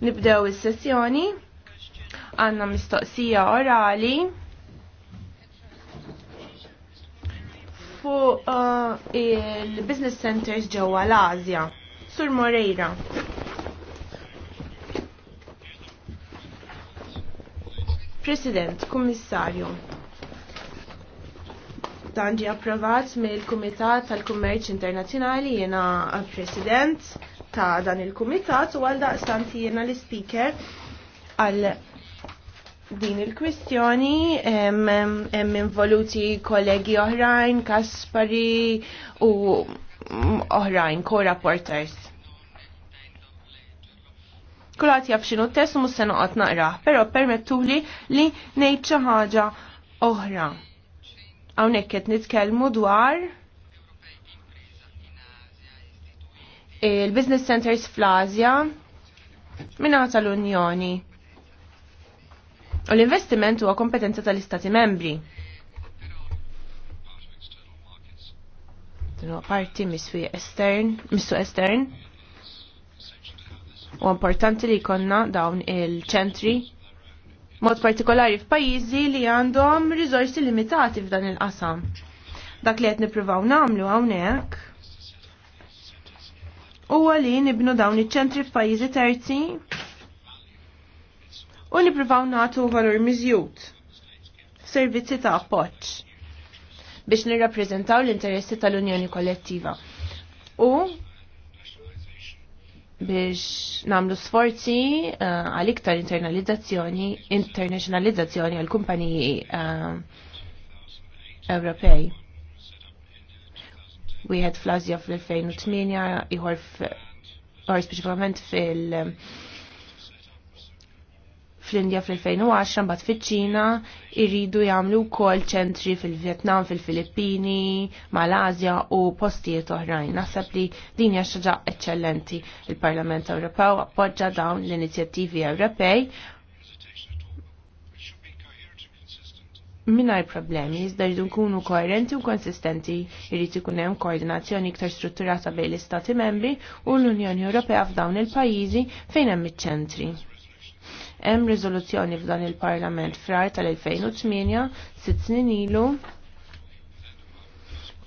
Nibdew is-sessjoni. Għanna mistoqsija orali. Fuq uh, il-business centers ġewwa l-Azja. Sur Moreira. President, Kummissarju. Dan ġi approvat mill-Kumitat tal-Kummerċ Internazzjonali jiena President ta' dan il-kumitat u għal istanti jiena l-speaker għal din il-kwistjoni hemm involuti kollegi oħrajn, Kaspari u oħrajn, co-rapporters. Kulat jaf xinu test u mussenu għat naqra, pero permettuli li nejt ħaġa oħra. Għawnek qed nitkellmu dwar il-business centers fl-Azja minnata l-Unjoni. U l-investiment huwa kompetenza tal-Istati membri. Dinu parti miswi estern, missu estern. U importanti li konna dawn il-ċentri mod partikolari f'pajjiżi li għandhom risorsi limitati f'dan il-qasam. Dak li qed nippruvaw nagħmlu hawnhekk huwa li nibnu dawn iċ-ċentri f'pajjiżi terzi u nippruvaw nagħtu valur miżjud servizzi ta' appoġġ biex nirrappreżentaw l-interessi tal-Unjoni Kollettiva. U biex namlu sforzi eh, għal uh, iktar internalizzazzjoni, internazjonalizzazzjoni għal kumpaniji uh, Ewropej wieħed fl-Azja fl-2008, ieħor ieħor speċifikament fil- fl-Indja fl-2010, bat fiċ-Ċina irridu jagħmlu wkoll ċentri fil-Vjetnam, fil-Filippini, Malazja u postijiet oħrajn. Naħseb li din hija eccellenti. eċċellenti. Il-Parlament Ewropew appoġġa dawn l-inizjattivi Ewropej minar problemi, iżda jridu kunu koerenti u konsistenti, jrid ikun hemm koordinazzjoni iktar strutturata bejn l-Istati membri u l-Unjoni Ewropea f'dawn il-pajjiżi fejn hemm iċ-ċentri. Hemm riżoluzzjoni f'dan il-Parlament frar tal-2008 sitt snin ilu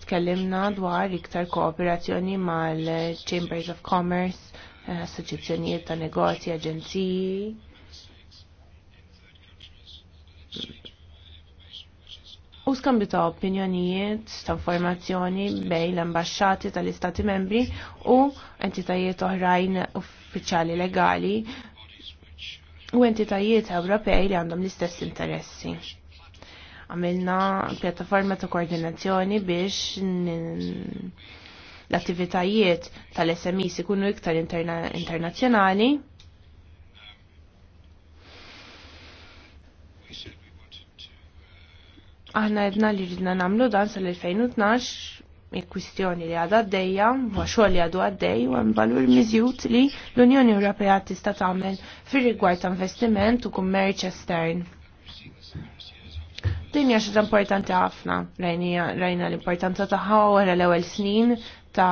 tkellimna dwar iktar kooperazzjoni mal-Chambers of Commerce, eh, assoċjazzjonijiet ta' negozji, aġenziji u skambju ta' opinjonijiet, ta' informazzjoni bej l-ambasċati tal-istati membri u entitajiet oħrajn uffiċjali legali u entitajiet Ewropej li għandhom l-istess interessi. Għamilna pjattaforma ta' koordinazzjoni biex l-attivitajiet tal smi ikunu iktar internazzjonali. Aħna jedna li ridna namlu dan sal-2012 il-kwistjoni li għadha għaddejja, huwa xogħol li għadu għaddej, u hemm valur miżjud li l-Unjoni Ewropea tista' tagħmel fir-rigward ta' investiment u kummerċ estern. Din hija xi importanti ħafna, rajna l-importanza tagħha wara l-ewwel snin ta'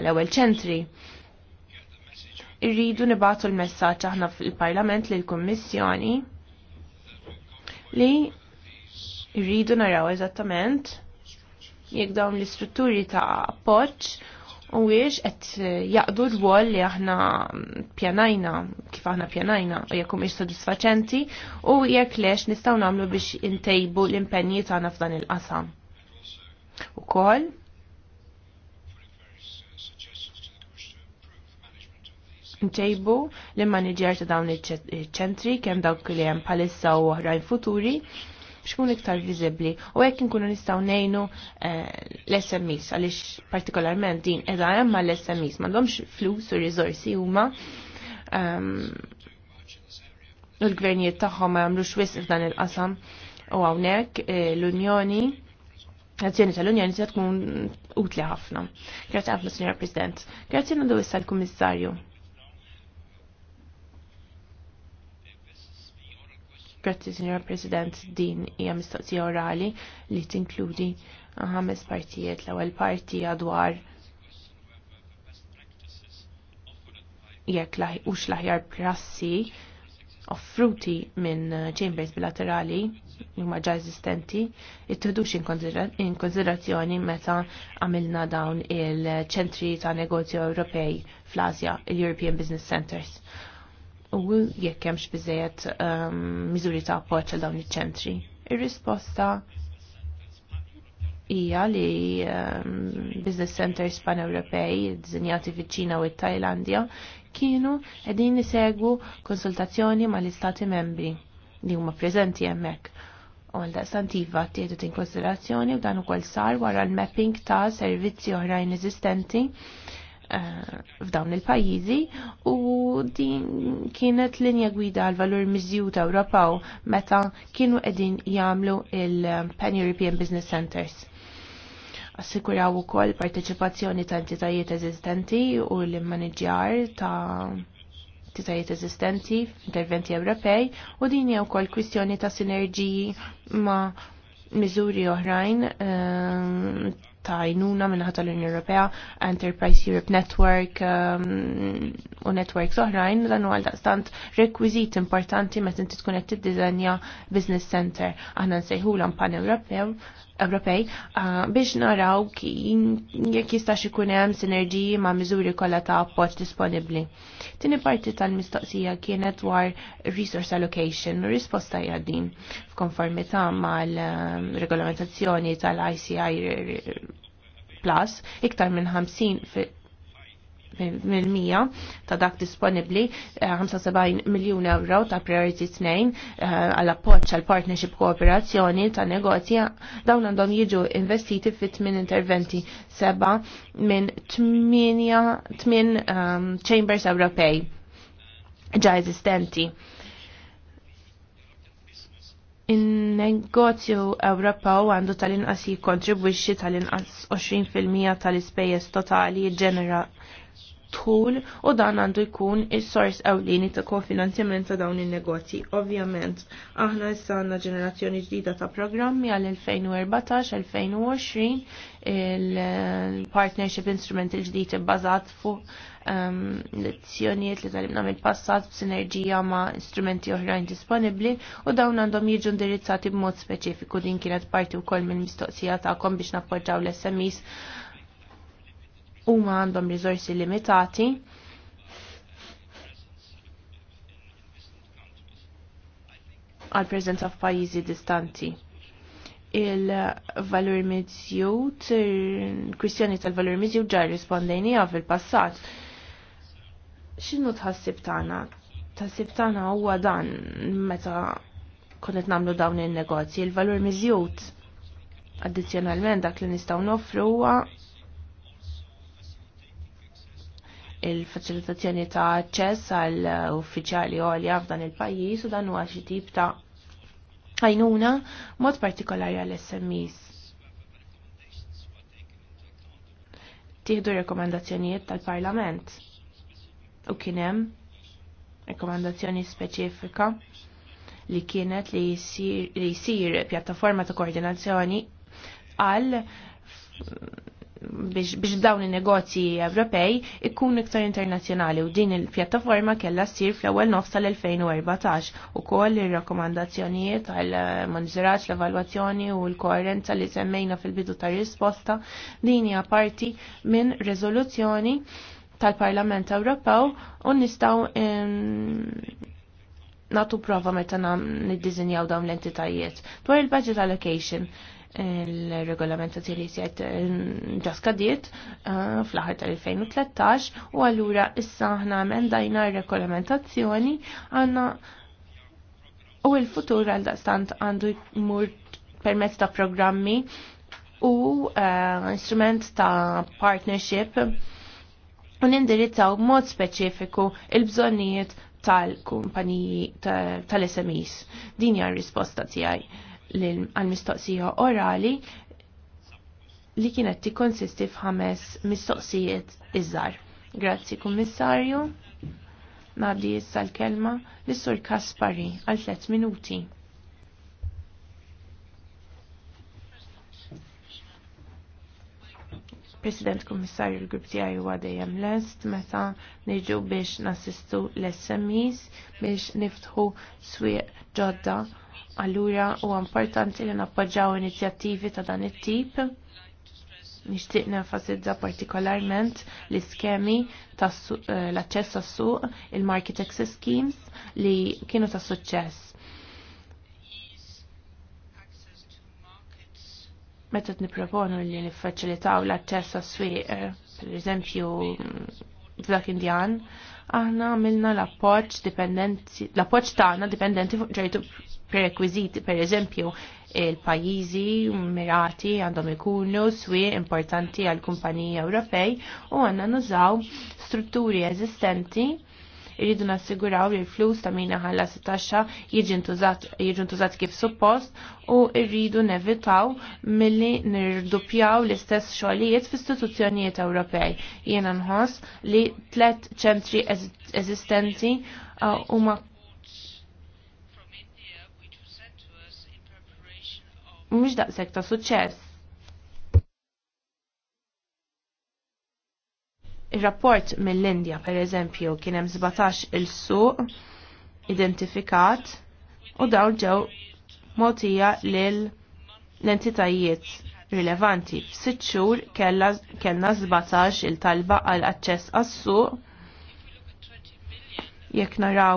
l-ewwel ċentri. Irridu nibatu l-messaġġ aħna fil-Parlament lill-Kummissjoni li Irridu naraw eżattament jekk dawn l-istrutturi ta' appoġġ u wiex qed jaqdu l-wol li aħna pjanajna, kif aħna pjanajna, u jekk humiex sodisfaċenti u jekk lex nistgħu nagħmlu biex intejbu l-impenji tagħna f'dan il-qasam. Ukoll ntejbu l-manager ta' dawn iċ-ċentri kemm dawk li hemm bħalissa u oħrajn futuri biex iktar vizibli u hekk inkunu nistgħu ngħinu eh, l sms għaliex partikolarment din edha hemm l ma m'għandhomx flus u rizorsi huma u ehm, l-gvernijiet tagħhom ma jagħmlux wisq f'dan il-qasam u hawnhekk eh, l-Unjoni Azzjoni tal-Unjoni se tkun utli ħafna. Grazzi ħafna, Signor President. Grazzi għandu issa l-Kummissarju. Grazzi, Signor President, din hija mistoqsija orali li tinkludi ħames partijiet l-ewwel parti dwar jekk hux l-aħjar prassi offruti minn chambers bilaterali li huma ġa eżistenti in inkonsiderazzjoni meta għamilna dawn il-ċentri ta' negozju Ewropej fl-Asja, il-European Business Centers u jekk hemmx biżejjed ehm, miżuri ta' appoġġ għal dawn iċ-ċentri. Ir-risposta hija li ehm, business centers pan-Ewropej ddisinjati fiċ-Ċina u t-Tajlandja kienu qegħdin isegwu konsultazzjoni mal-istati membri li huma preżenti hemmhekk u għal santiva tieħdu tin konsiderazzjoni u dan ukoll sar wara l-mapping ta' servizzi oħrajn eżistenti eh, f'dawn il-pajjiżi u din kienet linja gwida għal valur miżjut Ewropaw meta kienu qegħdin jagħmlu il-Pan European Business Centers. Assikuraw ukoll parteċipazzjoni ta' entitajiet eżistenti u l-immaniġjar ta' entitajiet eżistenti f'interventi Ewropej u din hija wkoll kwistjoni ta' sinerġiji ma' miżuri oħrajn ehm, ta' għajnuna minnaħat tal-Unjoni Ewropea, Enterprise Europe Network um, u networks oħrajn, dan huwa daqstant rekwiżit importanti meta inti tkun qed tiddiżenja business center. Aħna nsejħulhom pan Ewropew Ewropej biex naraw jekk jista' ikun hemm sinerġiji ma' miżuri kollha ta' appoġġ disponibbli. Tieni parti tal-mistoqsija kienet dwar resource allocation u risposta hija din f'konformità mal-regolamentazzjoni tal-ICI Plus iktar minn 50 mil mija ta' dak disponibli 75 eh, miljun euro ta' priority 2 eh, għal appoġġ għal partnership kooperazzjoni ta' negozja dawn għandhom jiġu investiti fit min interventi seba minn 8 um, ehm, chambers Ewropej ġa eżistenti. In-negozju Ewropew għandu tal-inqas jikkontribwixxi tal-inqas 20% tal-ispejjeż totali ġenera dħul u dan għandu jkun is-sors ewlieni ta' kofinanzjament ta' dawn in-negozji. Ovvjament, aħna issa għandna ġenerazzjoni ġdida ta' programmi għal 2014-2020 il-partnership instrument il-ġdid ibbażat fuq um, lezzjonijiet li talibna mill-passat b'sinerġija ma' instrumenti oħrajn disponibbli u dawn għandhom jiġu indirizzati b'mod speċifiku din kienet parti wkoll mill-mistoqsija tagħkom biex nappoġġaw l-SMEs huma għandhom risorsi limitati għal preżenza f'pajjiżi distanti. Il-valur miżjud, kwistjoni tal-valur miżjud ġar għaf fil-passat. X'inhu tħassib tagħna? Tħassib tagħna huwa dan meta konet namlu dawn il-negozji. Il-valur miżjud addizjonalment dak li nistgħu nofru huwa il-facilitazzjoni ta' aċċess għal uffiċjali għolja f'dan il-pajjiż u dan huwa xi tip ta' għajnuna mod partikolari għal SMEs. Tieħdu rekomendazzjonijiet tal-Parlament u kien hemm rekomendazzjoni speċifika li kienet li jsir pjattaforma ta' koordinazzjoni għal biex dawn il-negozji Ewropej ikkun iktar internazzjonali u din il-pjattaforma kella ssir fl-ewwel nofs tal-2014 ukoll ir-rakkomandazzjonijiet tal-monitoraġġ eh, l-evalwazzjoni u l-koerenza li semmejna fil-bidu tar-risposta din hija parti minn riżoluzzjoni tal-Parlament Ewropew u nistgħu natu prova meta nid-dizinjaw dawn l-entitajiet. Dwar il-budget allocation, il-regolamentazzjoni li sjed eh, ġaskadiet eh, fl-aħħar tal-2013 u allura issa aħna emendajna r-regolamentazzjoni għanna u l-futur għal dastant għandu jmur permezz ta' programmi u eh, instrument ta' partnership u nindirizzaw mod speċifiku il-bżonnijiet tal-kumpaniji tal-SMEs. Din hija r-risposta tiegħi għal-mistoqsija orali li kienet tikkonsisti f'ħames mistoqsijiet iżgħar. Grazzi kummissarju. Nabdi issa l-kelma lis-Sur Kaspari għal tliet minuti. President Kummissarju l-Grupp tiegħi huwa dejjem lest meta niġu biex nassistu l-SMEs biex niftħu swieq ġodda Allura huwa importanti li nappoġġaw inizjattivi ta' dan it-tip. Nixtieq nenfasizza partikolarment l-iskemi ta' eh, l-aċċess tas-suq, il-market access schemes li kienu ta' suċċess. Meta nipproponu li niffaċilitaw l-aċċess għas suq eh, per eżempju, mm, f'dak indjan, aħna għamilna l-appoġġ dipendenti, l-appoġġ tagħna dipendenti fuq ġejtu prerequisiti, per eżempju il-pajizi mirati għandhom ikunu swi importanti għal kumpaniji Ewropej u għanna nużaw strutturi eżistenti irridu nassiguraw li l-flus ta' minna ħalla 16 jiġi ntużat kif suppost u irridu nevitaw milli nirdupjaw l-istess xogħlijiet fl-istituzzjonijiet Ewropej. Jiena nħoss li tlet ċentri eżistenti uh, huma mhux daqshekk ta' suċċess. Ir-rapport mill-Indja pereżempju kien hemm 17 il-suq identifikat u dawn ġew mogħtija lil l-entitajiet rilevanti. Sitt xhur kellna 17 il-talba għal aċċess għas-suq jekk naraw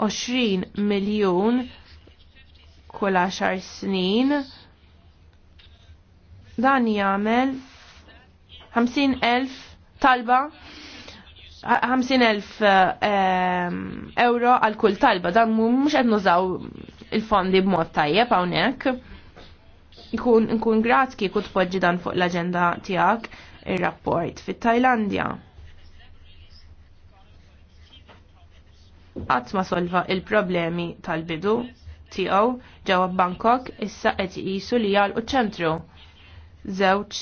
20 miljun kull 10 snin. Dan jagħmel 50,000 talba 50,000 ehm, euro għal kull talba, dan mux qed nużaw il-fondi b'mod tajjeb hawnhekk. Ikun nkun grat kieku tpoġġi dan fuq l-aġenda tiegħek ir-rapport fit-Tajlandja. Qatt ma solva il-problemi tal-bidu tiegħu ġewwa Bangkok issa qed iqisu li jgħalqu ċentru. Żewġ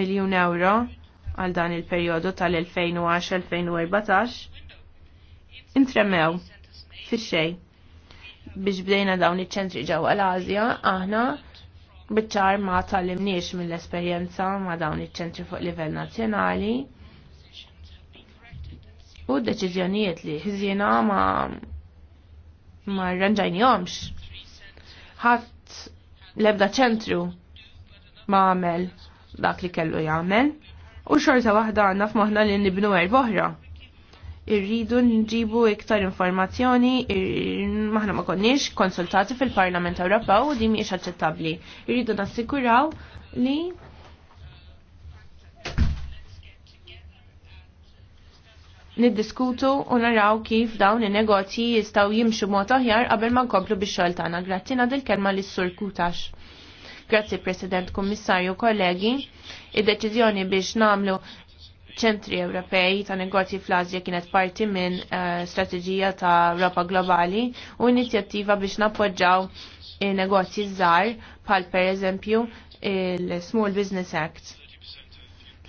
miljun euro għal dan il-perjodu tal-2010-2014 intremew fix xej biex bdejna dawn iċ-ċentri ġewwa l-Asja, aħna biċċar ma tal-imniex mill-esperjenza ma dawn iċ-ċentri fuq livell nazzjonali u d-deċizjonijiet li ħżiena ma ma rranġajnihomx. Ħadd l-ebda ċentru ma għamel dak li kellu jagħmel u xorta waħda għandna f'moħħna li nibnu erboħra. Irridu nġibu iktar informazzjoni, maħna ma konniex konsultati fil-Parlament Ewropew u di mhijiex aċċettabbli. Irridu nassikuraw li niddiskutu u naraw kif dawn in-negozji jistgħu jimxu mod aħjar qabel ma nkomplu bix-xogħol tagħna. Grazzi nagħdil kelma lis sur Kutax. Grazzi President Kummissarju kollegi, id-deċiżjoni biex nagħmlu ċentri Ewropej ta' negozji fl-Azja kienet parti minn uh, strateġija ta' Europa Globali u inizjattiva biex nappoġġaw negozji żgħar bħal pereżempju il-Small Business Act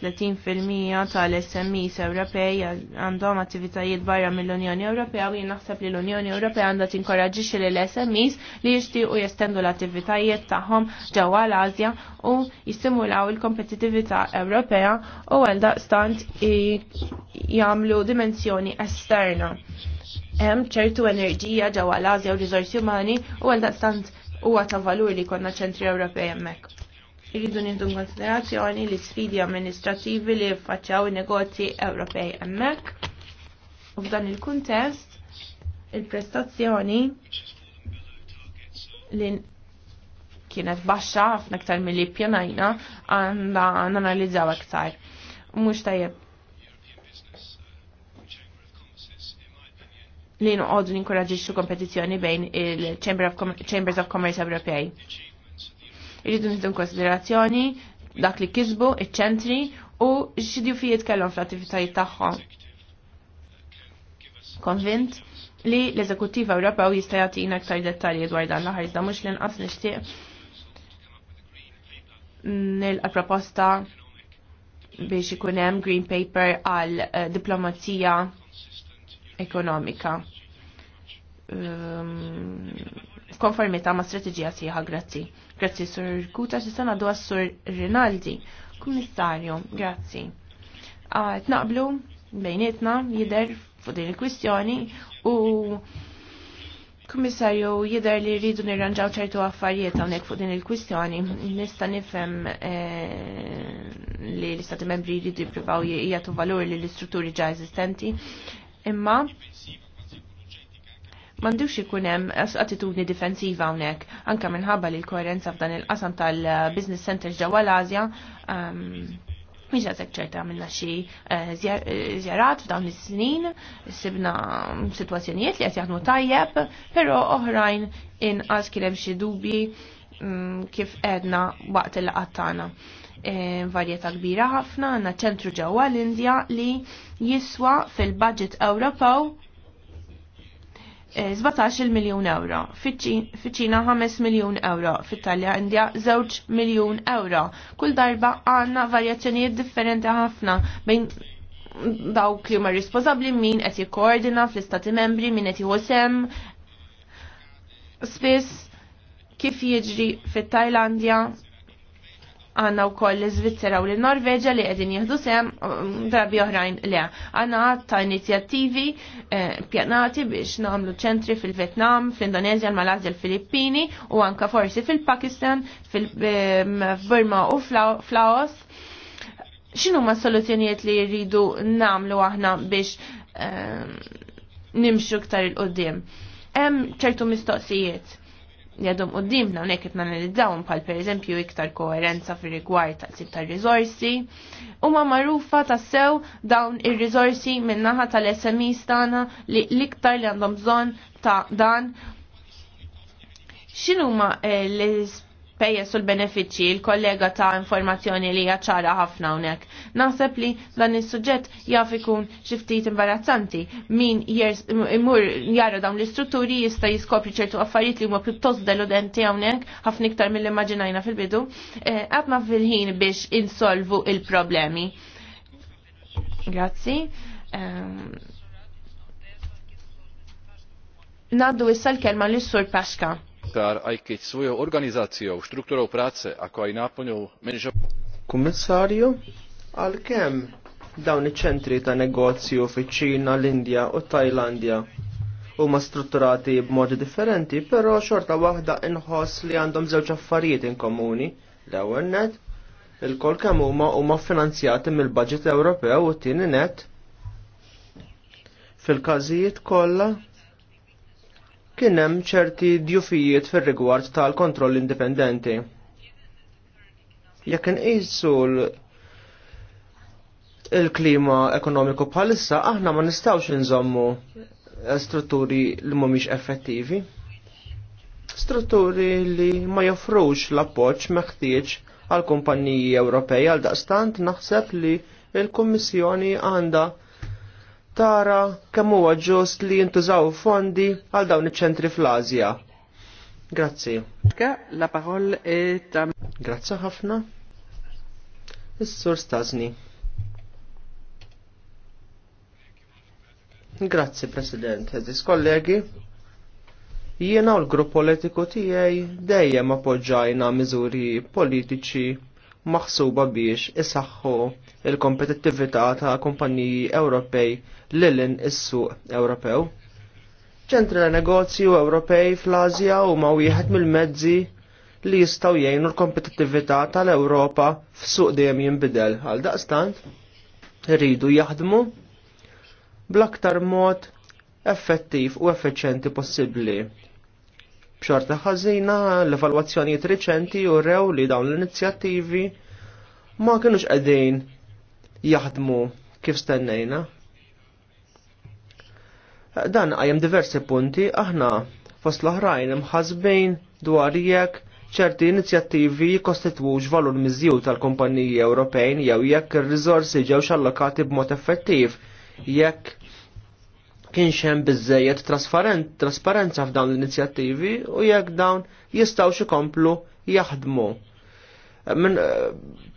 30% tal-SMEs Ewropej għandhom attivitajiet barra mill-Unjoni Ewropea u jien naħseb li l-Unjoni Ewropea għandha tinkoraġġixxi lil SMEs li jixtiequ jestendu l-attivitajiet tagħhom ġewwa l-Asja u jistimulaw il-kompetitività Ewropea u għal daqstant jagħmlu dimensjoni esterna hemm ċertu enerġija ġewwa l-Asja u riżorsi umani u għal daqstant huwa ta' valur li konna ċentri Ewropej hemmhekk. Iridu nindu konsiderazzjoni li sfidi amministrativi li faċċaw negozji Ewropej emmek. U f'dan il-kuntest, il-prestazzjoni li kienet baxxa ħafna aktar li pjanajna għandha nanalizzaw aktar. Mux tajjeb li nqogħdu ninkoraġixxu kompetizzjoni bejn il-Chambers of Commerce Ewropej. Irridu nħidu konsiderazzjoni dak li kisbu, iċ-ċentri u xidju fijiet kellhom fl-attivitajiet tagħhom. Konvint li l-Eżekuttiv Ewropew jista' jagħtina aktar dettalji dwar dan l-aħħar iżda mhux l-inqas nixtieq nil proposta biex ikun hemm green paper għal eh, diplomazija ekonomika. Um, konformita ma' strategija tiħa grazzi. Grazzi sur Kuta, xisana għaddu sur Rinaldi. Kummissarju, grazzi. Ah, tnaqblu bejnietna jider fuq din il-kwistjoni u Kummissarju jider li rridu nirranġaw ċertu affarijiet hawnhekk fuq din il-kwistjoni. Nista' nifhem eh, li l-Istati Membri jridu jippruvaw jagħtu valur lill istrutturi ġa eżistenti. Imma Mandux ikun hemm attitudni difensiva hawnhekk, anke minħabba li l-koerenza f'dan il-qasam tal-business centers ġewwa l-Asja Miex ehm, għazek ċerta għamilna xie eh, zjarat f'dawn is-snin, sibna situazzjonijiet li qed jaħdmu tajjeb, pero oħrajn inqas kien hemm xi dubji mm, kif edna waqt il qattana tagħna e, varjeta kbira ħafna, għanna ċentru ġewwa l-Indja li jiswa fil-budget Ewropew 17 eh, miljon euro, fiċina 5 miljon euro, fit-Talja Indja 2 miljon euro. Kull darba għanna varjazzjonijiet differenti ħafna bejn dawk li huma responsabbli min qed jikkoordina fl-istati membri, min qed jħossem. Spiss kif jiġri fit-Tajlandja għanna u koll l-Svizzera u l-Norveġa li għedin jihdu sem um, drabi oħrajn le. Għanna ta' inizjattivi eh, pjanati biex namlu ċentri fil-Vietnam, fil-Indonezja, l-Malazja, l-Filippini u anka forsi fil-Pakistan, fil-Burma ehm, u fl-Laos. Xinu ma' soluzzjonijiet li jridu namlu aħna biex ehm, nimxu ktar il-qoddim? Hemm ċertu mistoqsijiet li għadhom qoddimna hawnhekk qed nanalizzawhom bħal pereżempju iktar koerenza fir rigward ta' tip ta' riżorsi huma magħrufa tassew dawn ir-riżorsi min-naħa tal-SMEs tagħna li l-iktar li għandhom bżonn ta' dan x'inhuma eh, l pejjeż u l-benefiċċji il-kollega ta' informazzjoni li hija ċara ħafna hawnhekk. Naħseb li dan is-suġġett jaf ikun xi ftit imbarazzanti. Min imur jara dawn l-istrutturi jista' jiskopri ċertu affarijiet li huma pjuttost deludenti hawnhekk ħafna iktar mill-immaġinajna fil-bidu. Qatt eh, ma fil-ħin biex insolvu il-problemi. Grazzi. Ehm, naddu issa l-kelma l-Sur Paxka kar ajkit svojo organizacijo, štrukturo práce, ako aj náplňou manažov. Kummissarju, għal kem dawn iċ-ċentri ta' negozju fiċ-Ċina, l-Indja u Tajlandja huma strutturati b'modi differenti, però xorta waħda inħoss li għandhom żewġ affarijiet inkomuni. L-ewwel net, il-kol kemm huma huma finanzjati mill-Baġit Ewropew u t-tieni net fil-każijiet kollha kien hemm ċerti djufijiet fir-rigward tal-kontroll indipendenti. Jekk inqisu il-klima ekonomiku bħalissa aħna ma nistawx inżommu strutturi li mhumiex effettivi. Strutturi li ma joffrux l-appoġġ meħtieġ għal kumpanniji Ewropej għal daqstant naħseb li il-Kummissjoni għandha tara kemm huwa ġust li jintużaw fondi għal dawn iċ-ċentri fl-Asja. Grazzi. La parol ta' Grazzi ħafna. Is-sur Stazni. Grazzi, President. Eżis kollegi, jiena u l-grupp politiku tiegħi dejjem appoġġajna miżuri politiċi maħsuba biex isaxħu il-kompetittività ta' kumpaniji Ewropej lilin is-suq Ewropew. Ċentri ta' negozju Ewropej fl-Azja huma wieħed mill-mezzi li jistgħu jgħinu l-kompetittività tal-Ewropa f'suq dejjem jinbidel għal daqstant irridu jaħdmu bl-aktar mod effettiv u effiċjenti possibbli B'xorta ħażina l-evalwazzjonijiet riċenti u rew li dawn l-inizjattivi ma kienux qegħdin jaħdmu kif stennejna. Dan għajem diversi punti aħna fost l-oħrajn imħazbejn dwar jekk ċerti inizjattivi jikostitwux valur miżju tal-kumpaniji Ewropejn jew jekk ir-riżorsi ġewx allokati b'mod effettiv, jekk kienx hemm biżejjed trasparenza f'dawn l-inizjattivi u jekk dawn jistgħu ikomplu jaħdmu. Min eh,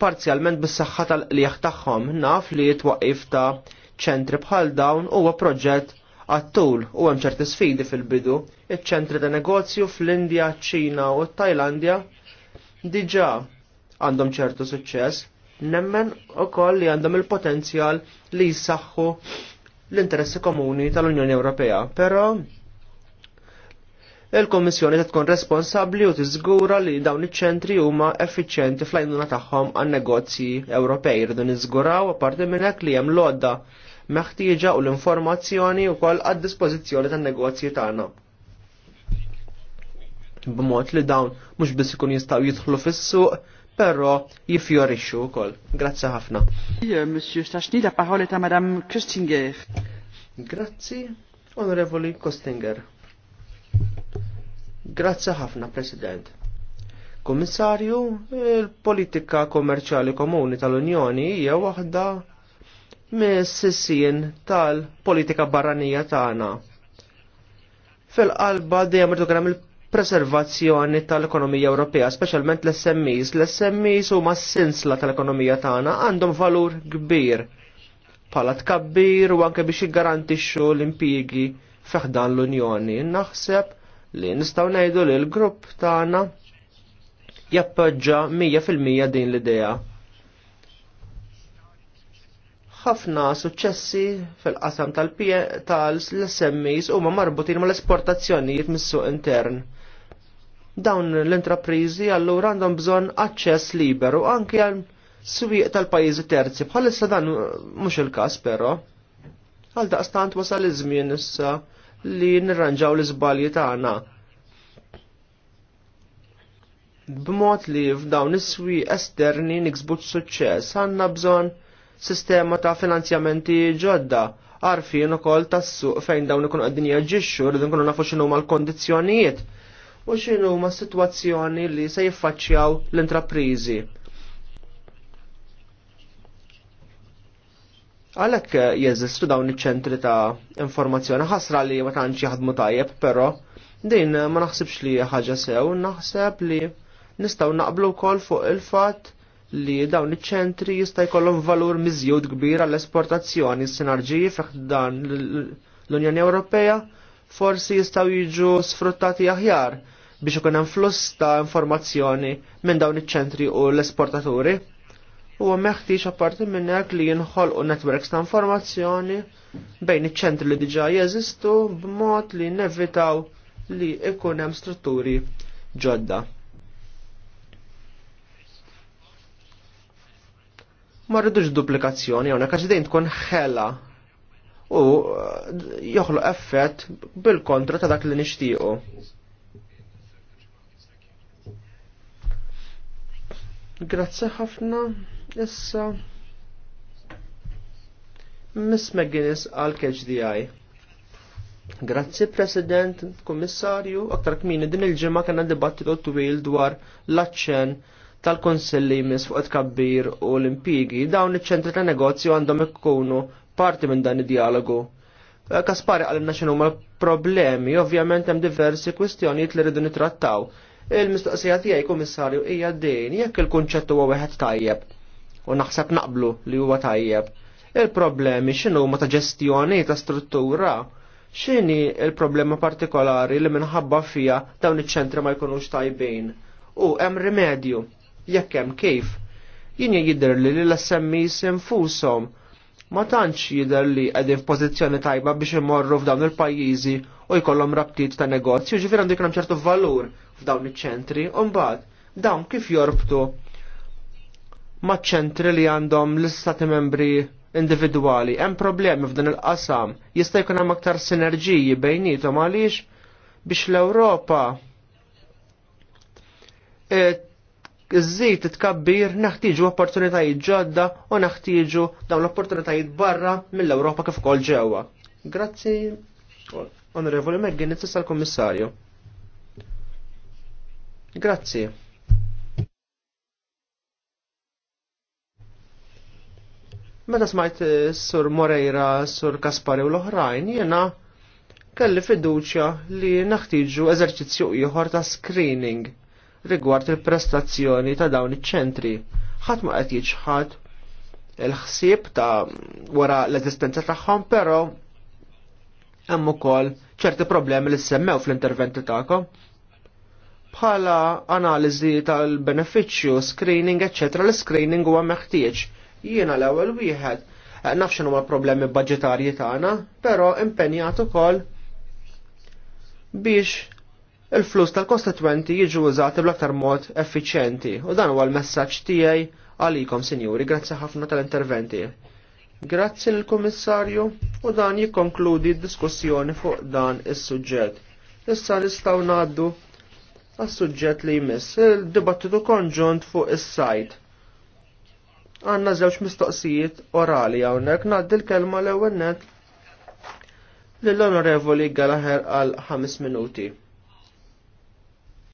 parzjalment bis-saħħa tal-qliħ tagħhom naf li twaqif ta' ċentri bħal dawn huwa proġett għattul u hemm ċerti sfidi fil-bidu, iċ-ċentri ta' negozju fl-Indja, ċina u Tajlandja diġà għandhom ċertu suċċess, nemmen ukoll li għandhom il-potenzjal li jsaħħu l-interessi komuni tal-Unjoni Ewropea, però il-Kommissjoni se tkun responsabbli u tiżgura li dawn iċ-ċentri huma effiċjenti fl-għajnuna tagħhom għan negozji Ewropej rridu niżguraw apparti minn hekk li hemm lodda meħtieġa u l-informazzjoni wkoll għad-dispożizzjoni tan-negozji tagħna b'mod li dawn mhux biss ikun jistgħu jidħlu fis-suq però jifjorixxu wkoll. Grazzi ħafna. Monsieur Stachni, la parola ta' Madame Köstinger. Grazzi, Onorevoli Kostinger. Grazzi ħafna, President. Kommissarju, il-politika kommerċjali komuni tal-Unjoni hija waħda mis-sissien tal-politika barranija tagħna. Fil-qalba dejjem irdu il preservazzjoni tal-ekonomija Ewropea, speċjalment l-SMEs. L-SMEs huma s-sinsla tal-ekonomija tagħna għandhom valur kbir bħala tkabbir u anke biex jiggarantixxu l-impjiegi feħdan l-Unjoni. Naħseb li nistgħu ngħidu li l-grupp tagħna jappoġġa 100% din l-idea ħafna suċċessi fil-qasam tal-SMEs tal huma marbutin mal-esportazzjonijiet mis-suq intern. Dawn l-intraprizi allura għandhom bżonn aċċess liberu anke għal swieq tal-pajjiżi terzi. Bħalissa dan mhux il-każ però. Għal daqstant wasal iż-żmien issa li nirranġaw l-iżbalji tagħna. B'mod li f'dawn is-swieq esterni niksbu suċċess għandna bżonn sistema ta' finanzjamenti ġodda Arfin u kol suq fejn dawn ikun għaddin jaġġixxu, rridin kunu nafu xinu l kondizjonijiet u xinu ma situazzjoni li se jiffaċċjaw l-intraprizi. Għalek jeżistu dawn iċ-ċentri ta' informazzjoni ħasra li ma tantx jaħdmu tajjeb, però din ma naħsibx li ħaġa sew, naħseb li nistgħu naqblu wkoll fuq il-fatt li dawn iċ-ċentri jista' jkollhom valur miżjud kbir għall-esportazzjoni sinarġiji fih dan l-Unjoni Ewropea forsi jistgħu jiġu sfruttati aħjar biex ikun hemm fluss ta' informazzjoni minn dawn iċ-ċentri u l-esportaturi. Huwa meħtieġ apparti minn hekk li jinħolqu netwerks ta' informazzjoni bejn iċ-ċentri li diġà jeżistu b'mod li nevitaw li ikun hemm strutturi ġodda. ma rridux duplikazzjoni hawnhekk għax dejn tkun ħela u eh, joħloq effett bil-kontra ta' dak li nixtiequ. Grazzi ħafna. Issa. Miss McGuinness għal KHDI. Grazzi President, Kommissarju, aktar kmini din il ġemma kena dibattitu twil dwar l accen tal-konsilli jmiss fuq kabbir u l-impigi. Dawn iċ-ċentri ta' negozju għandhom ikkunu parti minn dan id-dialogu. Eh, Kaspari għal xinu ma problemi, ovvjament hemm diversi kwistjonijiet li rridu nitrattaw. Il-mistoqsija tiegħi kummissarju hija din jekk il-kunċett huwa wieħed tajjeb u naħseb naqblu li huwa tajjeb. Il-problemi x'inhu ma ta' ġestjoni ta' struttura x'inhi il-problema partikolari li minħabba fija dawn iċ-ċentri ma jkunux tajbin. U hemm rimedju jekk hemm kif. Jien jidher li l assemmi infushom ma tantx jidher li qegħdin f'pożizzjoni tajba biex imorru f'dawn il-pajjiżi u jkollhom rabtiet ta' negozju, ġifier għandu jkun ċertu valur f'dawn iċ-ċentri, u mbagħad dawn kif jorbtu maċ-ċentri li għandhom l-istati membri individwali. Hemm problemi f'dan il-qasam, jista' jkun hemm aktar sinerġiji bejnietom għaliex biex l-Ewropa eh, iżżid it-kabbir naħtieġu opportunitajiet ġodda u naħtieġu dawn l-opportunitajiet barra mill-Ewropa kif ukoll ġewwa. Grazzi, Onorevoli Meggin, issa l-Kommissarju. Grazzi. Meta smajt eh, sur Moreira, sur Kaspari u l-oħrajn, jena kelli fiduċja li naħtiġu eżerċizzju ieħor ta' screening rigward il-prestazzjoni ta' dawn iċ-ċentri. Ħadd ma qed jiġħad il-ħsieb ta' wara l-eżistenza tagħhom, però hemm ukoll ċerti problemi li semmew fl-interventi tagħkom. Bħala analiżi tal-benefiċċju, screening, eċetera, l-screening huwa meħtieġ. Jiena l-ewwel wieħed eh, nafx huma problemi budġetarji tagħna, però impenjat ukoll biex il-flus tal-kostituenti jiġu użati bl-aktar mod effiċjenti u dan huwa l-messaġġ tiegħi għalikom, sinjuri, grazzi ħafna tal-interventi. Grazzi l-Komissarju u dan jikkonkludi d-diskussjoni fuq dan is-suġġett. Issa nistgħu ngħaddu għas-suġġett li jmiss il-dibattitu konġunt fuq is-sajt. Għanna żewġ mistoqsijiet orali hawnhekk ngħaddi l-kelma l-ewwel net lill-Onorevoli Gallagher għal ħames minuti.